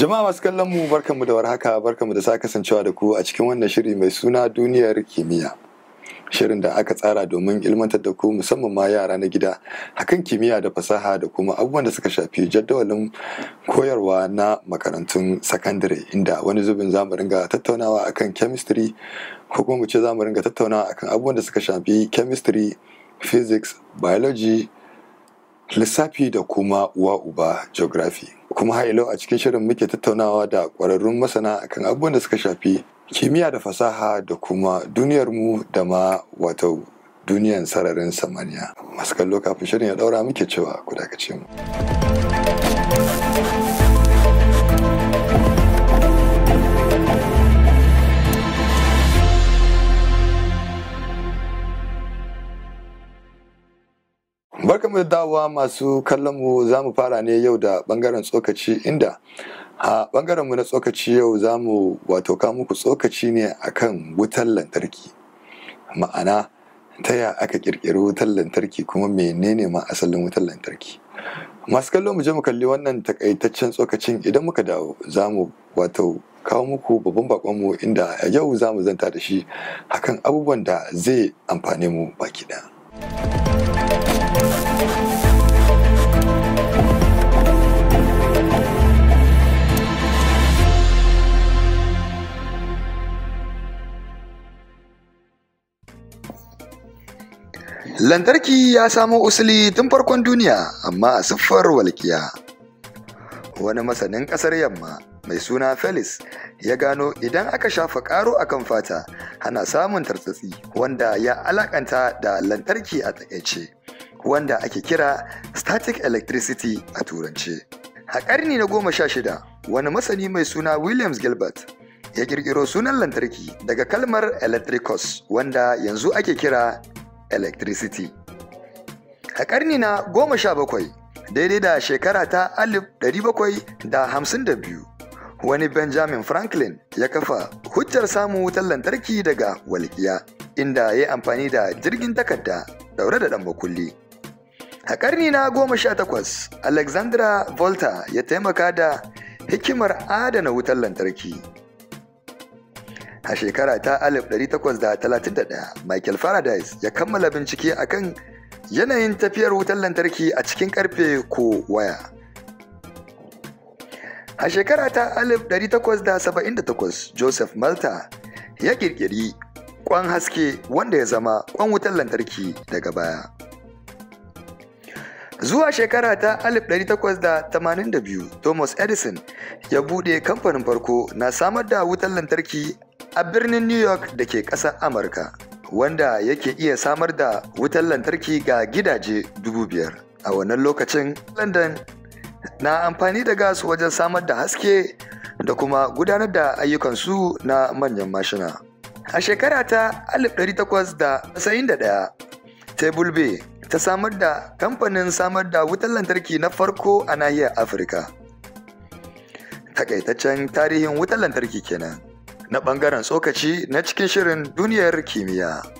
Jama'a masu kallon mu barkanmu da warhaka barkanmu da sa kasancewa da ku a cikin wannan shiri mai suna duniyar kimiyya. Shirin da aka tsara domin ilmantar da ku musamman ma yara na gida akan kimiyya da fasaha da kuma abubuwan da suka shafi jadawalin koyarwa na makarantun sakandare inda wani zubin za mu ringa tattaunawa akan chemistry ko kuma mu ce za mu ringa tattaunawa akan abubuwan da suka shafi chemistry, physics, biology, lissafi da kuma uwa uba geography kuma hailau a cikin shirin muke tattaunawa da ƙwararrun masana kan abubuwan da suka shafi kimiyya da fasaha da kuma duniyarmu da ma wato duniyan sararin samaniya masu kallo kafin shirin ya daura muke cewa ku dakace mu. barkanmu da dawowa masu kallon mu za mu fara ne yau da bangaren tsokaci inda a bangaren mu na tsokaci yau za mu wato ka muku tsokaci ne akan wutar lantarki ma'ana ta ya aka kirkiri wutar lantarki kuma menene ma asalin wutar lantarki masu kallon mu je mu kalli wannan takaitaccen tsokacin idan muka dawo za mu wato kawo muku babban bakon mu inda yau za mu zanta da shi akan abubuwan da zai amfane mu baki daya Lantarki ya samo usuli tun farkon duniya amma a siffar walkiya Wani masanin ƙasar yamma mai suna felis ya gano idan aka shafa ƙaro a kan fata hana samun tartsatsi wanda ya alakanta da lantarki a takaice wanda ake kira static electricity a turance. A ƙarni na goma sha shida wani masani mai suna Williams Gilbert ya ƙirƙiro sunan lantarki daga kalmar electricos wanda yanzu ake kira electricity a ƙarni na goma sha bakwai daidai da shekara ta alif ɗari bakwai da da hamsin biyu, wani benjamin franklin ya kafa hujjar samun wutar lantarki daga walƙiya inda ya yi amfani da jirgin takarda ɗaure da ɗan makulli a ƙarni na goma sha takwas alexandra volta ya taimaka da hikimar adana wutar lantarki a shekara ta 1831 michael Faradise ya kammala bincike a kan yanayin tafiyar wutar lantarki a cikin karfe ko waya a shekara ta 1878 joseph malta ya kirkiri kwan haske wanda ya zama kwan wutar lantarki daga baya zuwa shekara ta 1882 thomas edison ya bude kamfanin farko na samar da wutar lantarki a birnin New York da ke ƙasar Amurka, wanda yake iya samar da wutar lantarki ga gidaje dubu biyar. A wannan lokacin, London na amfani da gas wajen samar da haske da kuma gudanar da ayyukansu na manyan mashina. A shekara ta 1891, Table Bay ta samar da kamfanin samar da wutar lantarki na farko a nahiyar Afirka. Takaitaccen tarihin wutar lantarki kenan. na ɓangaren tsokaci na cikin shirin duniyar kimiyya.